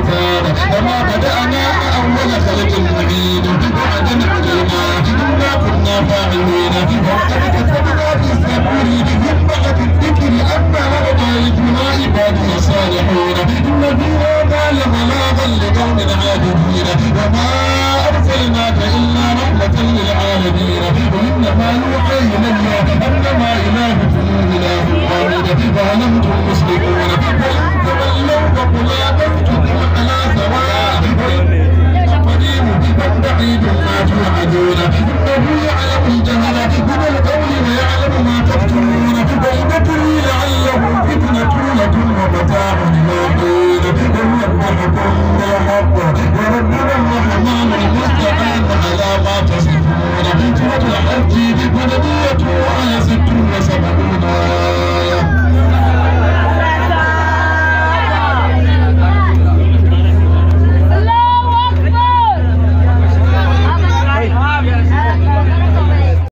كتاب وما بدأنا أول خلق نعيد وعد نحينا إنا كنا فاعلين وقد كتبنا في الزبور بعد الذكر أن هذا عباد عبادي الصالحون إن في هذا لبلاغا لقوم عابدين وما أرسلناك إلا رحمة للعالمين Thank you.